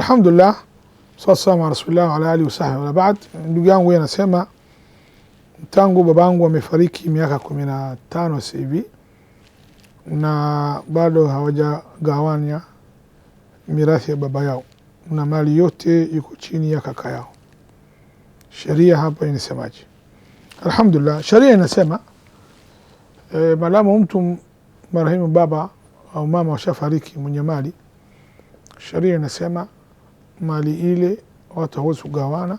Alhamdulillah, swasalamu rasulillah ala alihi wasahbi wa baad. Ndugu yangu anasema tangu babangu amefariki miaka kumi na tano sasa hivi na bado hawajagawanya mirathi ya baba yao na mali yote yuko chini ya kaka yao. Sheria hapa inasemaje? Alhamdulillah, sheria inasema e, maadamu mtu marehemu baba au mama washafariki mwenye mali, sheria inasema mali ile watu hawezi kugawana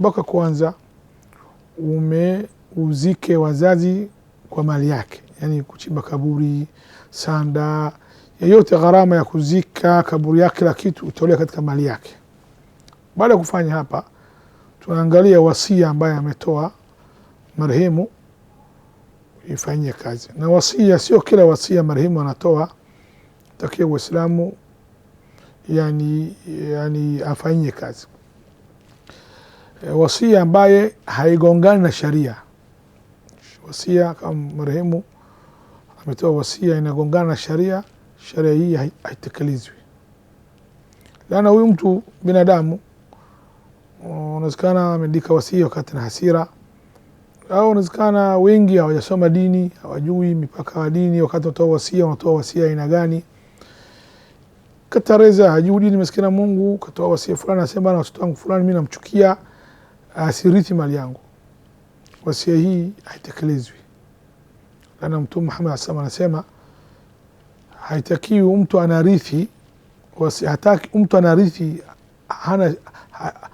mpaka kwanza umeuzike wazazi kwa mali yake, yani kuchimba kaburi, sanda, yeyote gharama ya kuzika kaburi yake, kila kitu utolea katika mali yake. Baada ya kufanya hapa, tunaangalia wasia ambaye ametoa marehemu ifanyie kazi, na wasia sio kila wasia marehemu anatoa. Takia Waislamu yani, yani afanyie kazi e, wasia ambaye haigongani na sharia. Wasia kama marehemu ametoa wasia inagongana na sharia, sharia hii haitekelezwi, lana huyu mtu binadamu unawezekana ameandika wasia wakati na hasira, au unawezekana wengi hawajasoma dini, hawajui mipaka wa dini. Wakati wanatoa wasia, wanatoa wasia aina gani? katareza hajudi, ni maskini Mungu, katoa wasia fulani, anasema na watoto wangu fulani mimi namchukia, asirithi ah, mali yangu. Wasia hii haitekelezwi, maana Mtume Muhammad SAW anasema haitakiwi mtu anarithi wasi, hataki mtu anarithi hana,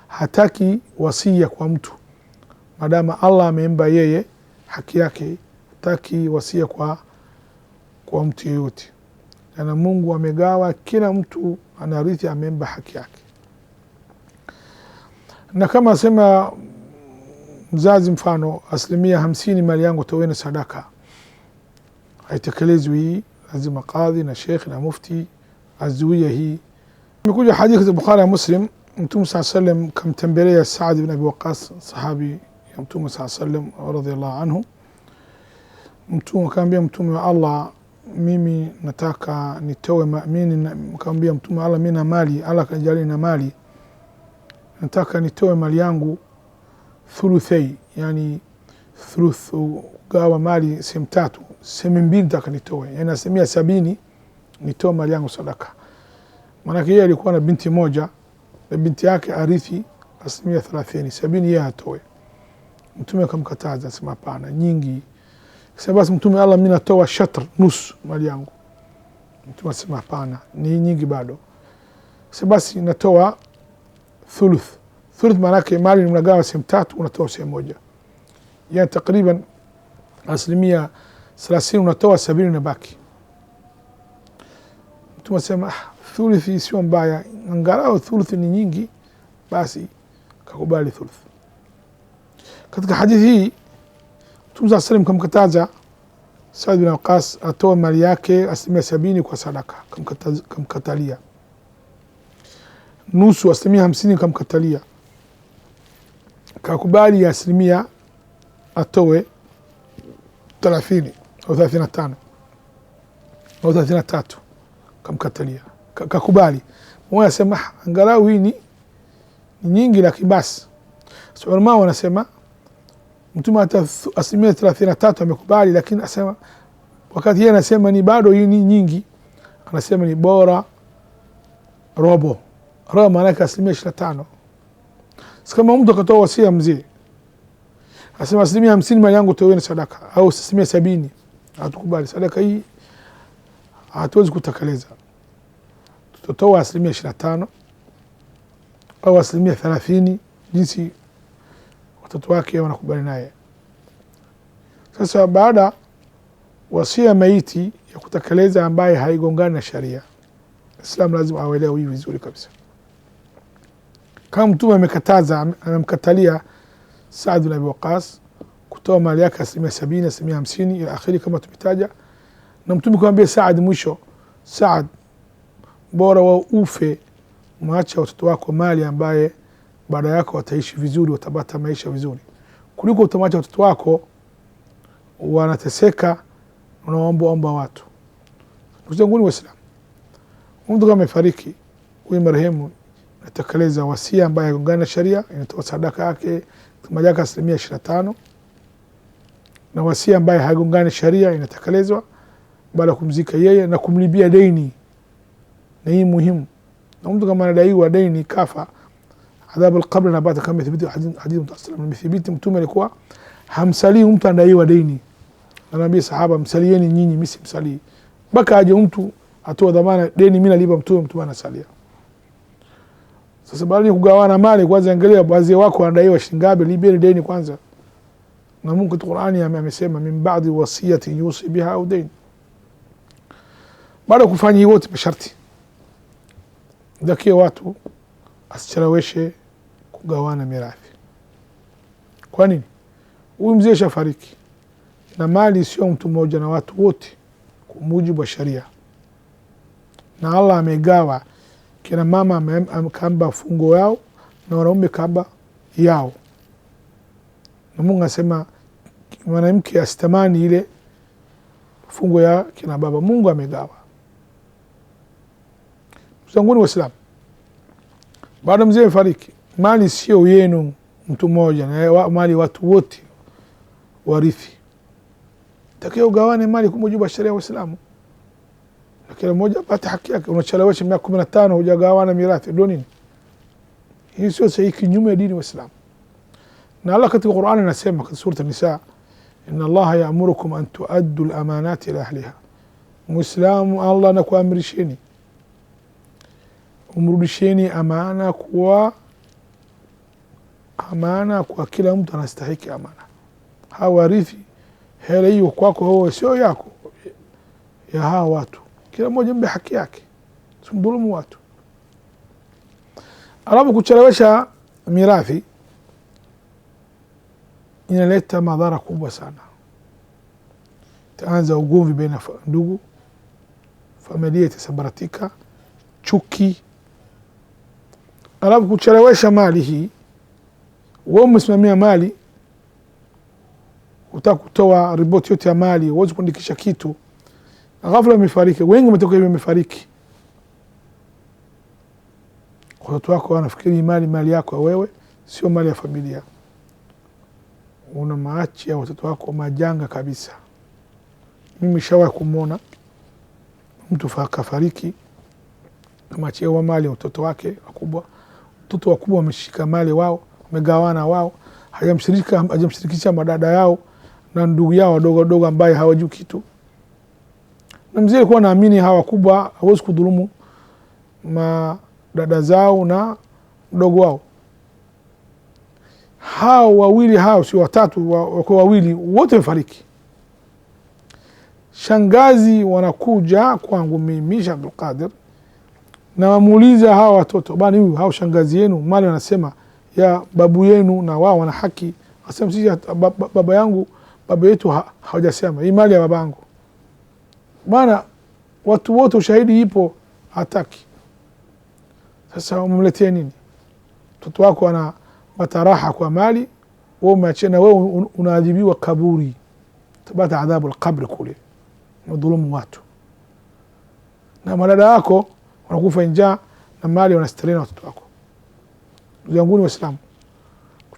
hataki wasia kwa mtu madama Allah amempa yeye haki yake, hataki wasia kwa, kwa mtu yeyote na Mungu amegawa, kila mtu anarithi, amemba haki yake. Na kama asema mzazi, mfano asilimia hamsini mali yangu toweni sadaka, haitekelezwi hii, lazima kadhi na shekhi na mufti azuia hii. Imekuja hadithi za Bukhari ya Muslim, Mtume saa sallam kamtembelea Saadi bin Abi Waqas, sahabi ya Mtume saa sallam radhiallahu anhu. Mtume akaambia Mtume wa Allah mimi nataka nitoe, mimi nikamwambia Mtume Allah, mimi na mali, Allah kajali na mali, nataka nitoe mali yangu thuluthi, yani thuluthu gawa mali sehemu tatu, sehemu mbili nataka nitoe, yani asilimia sabini nitoe mali yangu sadaka. Maanake yeye alikuwa na binti moja na binti yake arithi asilimia thelathini, sabini yeye atoe. Mtume akamkataza, sema hapana, nyingi sasa basi Mtume Allah, mimi natoa shatr nusu mali yangu. Mtume asema hapana, ni nyingi bado. Sasa basi natoa thuluth. Thuluth maana yake mali mnagawa sehemu tatu, unatoa sehemu moja, yani takriban asilimia thelathini unatoa, sabini inabaki. Mtume asema ah, thuluthi sio mbaya, angalau thuluthi ni nyingi, basi kakubali thuluth. Katika hadithi hii Mtume sallam kamkataza Saad bin Waqas atoa mali yake asilimia sabini kwa sadaka, kamkatalia. Nusu asilimia hamsini kamkatalia, kakubali ya asilimia atowe thelathini au thelathini na tano au thelathini na tatu kamkatalia, kakubali moja, asema angalau hii ni nyingi, lakini basi. So, Mtume hata asilimia thelathini na tatu amekubali, lakini asema wakati yeye anasema ni bado hii ni nyingi, anasema ni bora robo robo, maanake asilimia ishirini na tano. Kama mtu akatoa wasia mzee asema asilimia hamsini mali yangu toweni sadaka au asilimia sabini, hatukubali sadaka hii, hatuwezi kutekeleza, tutatoa asilimia ishirini na tano au asilimia thelathini jinsi watoto wake wanakubali naye. Sasa baada wasia maiti ya kutekeleza ambaye haigongani na sharia, Islam lazima awelewe hii vizuri kabisa. Kama Mtume amekataza amemkatalia Saad bin Abi Waqas kutoa mali yake asilimia sabini asilimia hamsini ila akhiri kama tumetaja, na Mtume kumwambia Saad mwisho, Saad bora wa ufe mwacha watoto wako mali ambaye baada yako wataishi vizuri, watapata maisha vizuri kuliko utamwacha watoto wako wanateseka, unaombaomba watu. Ndugu zangu ni Waislamu, mtu kama amefariki huyu marehemu, natekeleza wasia ambaye agongana na sharia, inatoa sadaka yake mali asilimia ishirini na tano na wasia ambaye hagongani sharia inatekelezwa baada ya kumzika yeye na kumlibia deni. Na hii muhimu, na mtu kama anadaiwa deni kafa, adhabu alqabri anapata, kama imethibiti hadithi Mtume alikuwa hamsalii mtu anadaiwa deni anaambia sahaba msalieni nyinyi, mimi simsalii mpaka aje mtu atoa dhamana deni, mimi nalipa mtume, mtume anasalia. Sasa baada ya kugawana mali, kwanza angalia wazee wako anadaiwa shilingi ngapi, libeni deni kwanza. Na Mungu katika Qur'ani amesema min ba'di wasiyati yusi biha au dain. Baada kufanya hiyo wote masharti, dakia watu asicheleweshe kugawana mirathi. Kwa nini? Huyu mzee shafariki na mali sio mtu mmoja na watu wote kwa mujibu wa sharia, na Allah amegawa kina mama kamba fungo yao na wanaume kamba yao, na Mungu asema mwanamke asitamani ile fungo ya kina baba. Mungu amegawa. Mzanguni Waislamu, baada mzee fariki mali sio yenu mtu mmoja na mali watu wote warithi takiwa ugawane mali kwa mujibu wa sheria ya Uislamu, na kila mmoja apate haki yake. Unachelewesha miaka kumi na tano hujagawana mirathi ndio nini? Hii sio sahihi, kinyume ya dini ya Uislamu. Na Allah katika Qur'an anasema katika sura Nisa, inna Allaha ya'murukum an tu'addu al-amanati ila ahliha, Muislamu Allah anakuamrisheni umrudisheni amana kwa amana kwa kila mtu anastahiki amana, hawarithi hela hiyo kwako wewe sio yako, ya hawa watu. Kila mmoja mbe haki yake, simdhulumu watu. Alafu kuchelewesha mirathi inaleta madhara kubwa sana, taanza ugomvi baina ndugu, familia itasambaratika, chuki. Alafu kuchelewesha mali hii, wewe umesimamia mali utaka kutoa ripoti yote ya mali, huwezi kuandikisha kitu, ghafla amefariki. Wengi wametoka hivi, amefariki. Watoto wako wanafikiri mali mali yako wewe, sio mali ya familia. Una maachi ya watoto wako majanga kabisa. Mimi shawahi kumwona mtu kafariki, ameachiwa mali ya watoto wake wakubwa. Watoto wakubwa wameshika mali wao, wamegawana wao, hajamshirikisha madada yao na ndugu yao wadogo wadogo ambaye hawajui kitu, na mzee alikuwa naamini hawa wakubwa hawezi kudhulumu madada zao na mdogo wao. Hao wawili hao, si watatu, wako wawili, wote wamefariki. Shangazi wanakuja kwangu mimi Sheikh Abdulqadir, nawamuuliza hawa watoto bani, huyu hao shangazi yenu mali, wanasema ya babu yenu, na wao wana haki. Asema sisi baba yangu baba yetu ha, hawajasema hii mali ya babangu bwana. Watu wote ushahidi ipo, hataki. Sasa umemletea nini? Mtoto wako ana mataraha kwa mali, we umeachia, na wewe unaadhibiwa kaburi, tabata adhabu lqabri kule, nadhulumu watu na madada wako wanakufa njaa na mali wanasitiria watoto wako. Ndugu yanguni Waislamu,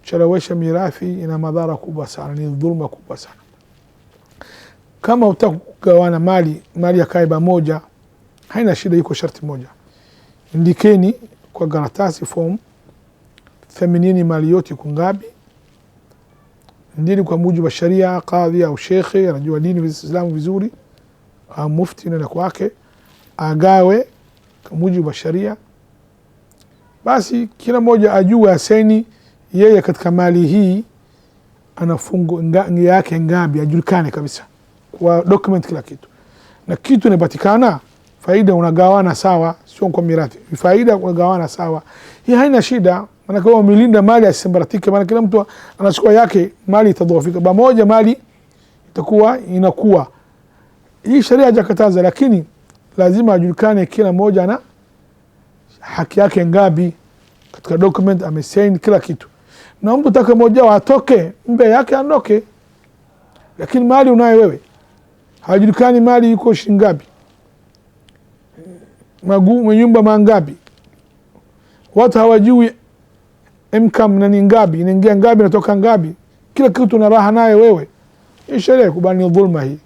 kuchelewesha mirathi ina madhara kubwa sana, ni dhuluma kubwa sana. Kama utaka kugawana mali, mali ya kaiba moja haina shida, iko sharti moja, ndikeni kwa karatasi form themanini mali yote kungapi ndini, kwa mujibu wa sharia. Kadhi au shekhe anajua dini Islamu vizuri, au mufti nenda kwake agawe kwa mujibu wa sharia, basi kila mmoja ajue aseni yeye katika mali hii ana fungu nga, yake ngapi ajulikane kabisa kwa document kila kitu, na kitu inapatikana faida unagawana sawa, sio kwa mirathi, faida unagawana sawa. Hii haina shida, maana kwa umelinda mali asisambaratike, maana kila mtu anachukua yake, mali itadhoofika pamoja, mali itakuwa inakuwa. Hii sharia hajakataza, lakini lazima ajulikane kila mmoja na haki yake ngapi katika document amesaini kila kitu na mtu taka moja atoke, yake andoke Lakini mali unayo wewe, hajulikani mali yuko shingapi, magumu nyumba mangapi, watu hawajui mkam na ni ngapi, inaingia ngapi, natoka ngapi, kila kitu na raha naye wewe. Sheria kubani dhulma hii,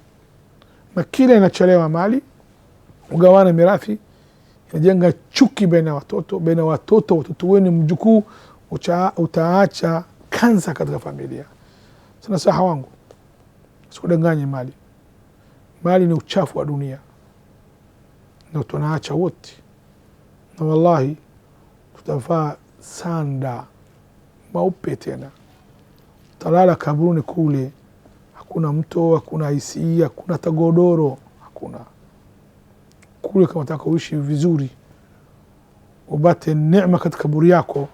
na kila inachelewa mali ugawana mirathi inajenga chuki baina watoto, baina watoto, watoto wenu mjukuu ucha, utaacha kansa katika familia. Sana saha wangu, sikudanganye mali, mali ni uchafu wa dunia na tunaacha wote, na wallahi tutavaa sanda maupe tena, talala kaburuni kule, hakuna mto, hakuna hisia, hakuna tagodoro, hakuna kule. Kama taka uishi vizuri, upate neema katika kaburi yako.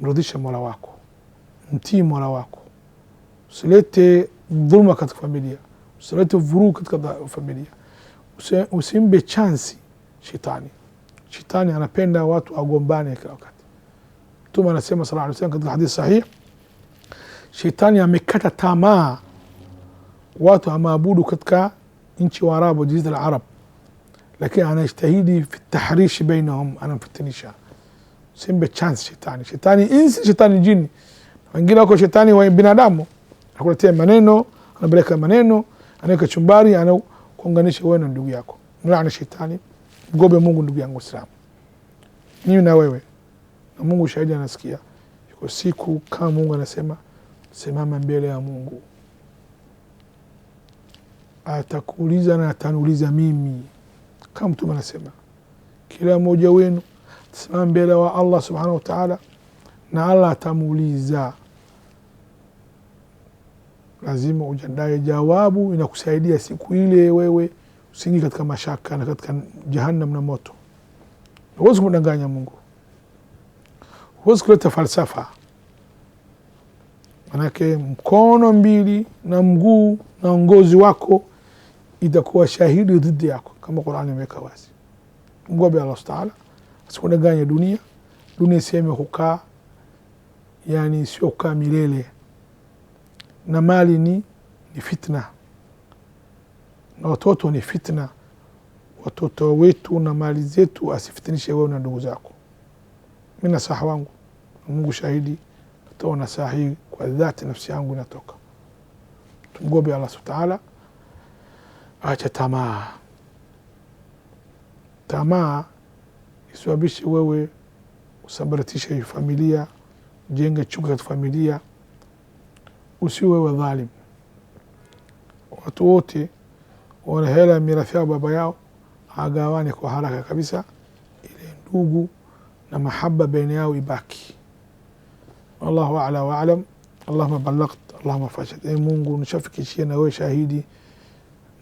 mrudishe mola wako, mtii mola wako, usilete dhulma katika familia, usilete vurugu katika familia, usimbe chansi shetani. Shetani anapenda watu agombane kila wakati. Mtume anasema sallallahu alaihi wasallam katika hadithi sahih, shetani amekata tamaa watu amaabudu katika nchi wa Arabu, jazira Arab, lakini anajitahidi fi tahrishi bainahum, anamfitinisha sembe chance shetani, shetani insi, shetani jini, wengine wako shetani wa binadamu, anakuletea maneno, anapeleka maneno, anaweka chumbari, anakuunganisha wewe na ndugu yako. Mlaana shetani, mgobe Mungu ndugu yangu Islamu, mimi na wewe na Mungu shahidi, anasikia yuko siku kama Mungu anasema, simama mbele ya Mungu atakuuliza na ataniuliza mimi, kama Mtume anasema, kila mmoja wenu tasema mbele wa Allah subhanahu wataala na Allah atamuuliza. Lazima ujandae jawabu inakusaidia siku ile, wewe usingi katika mashaka na katika jahannam na moto. Huwezi kumdanganya Mungu, huwezi kuleta falsafa, manake mkono mbili na mguu na ngozi wako itakuwa shahidi dhidi yako, kama Qurani imeweka wazi. Mgobe Allah subhanahu wataala taala asikudanganya dunia. Dunia sehemu ya kukaa, yani sio kukaa milele, na mali ni, ni fitna na watoto ni fitna. Watoto wetu na mali zetu asifitinishe wewe na ndugu zako. Mi nasaha wangu, Mungu shahidi, natoa nasaha hii kwa dhati, nafsi yangu inatoka. Tumgobe Allah subhanahu wa ta'ala, acha tamaa tamaa isababishe wewe usambaratishe familia, ujenge chuki katika familia, usiwe wewe dhalim. Watu wote wana hela ya mirathi yao baba yao agawane kwa haraka kabisa, ili ndugu na mahaba baina yao ibaki. Wallahu ala wa alam. Allahumma balagt, allahuma fashad. E Mungu, nishafikishia na wewe shahidi.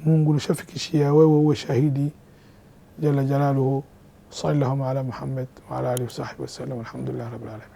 Mungu, nishafikishia wewe uwe shahidi, jala jalaluhu. صلى اللهم على محمد وعلى آله وصحبه وسلم والحمد لله رب العالمين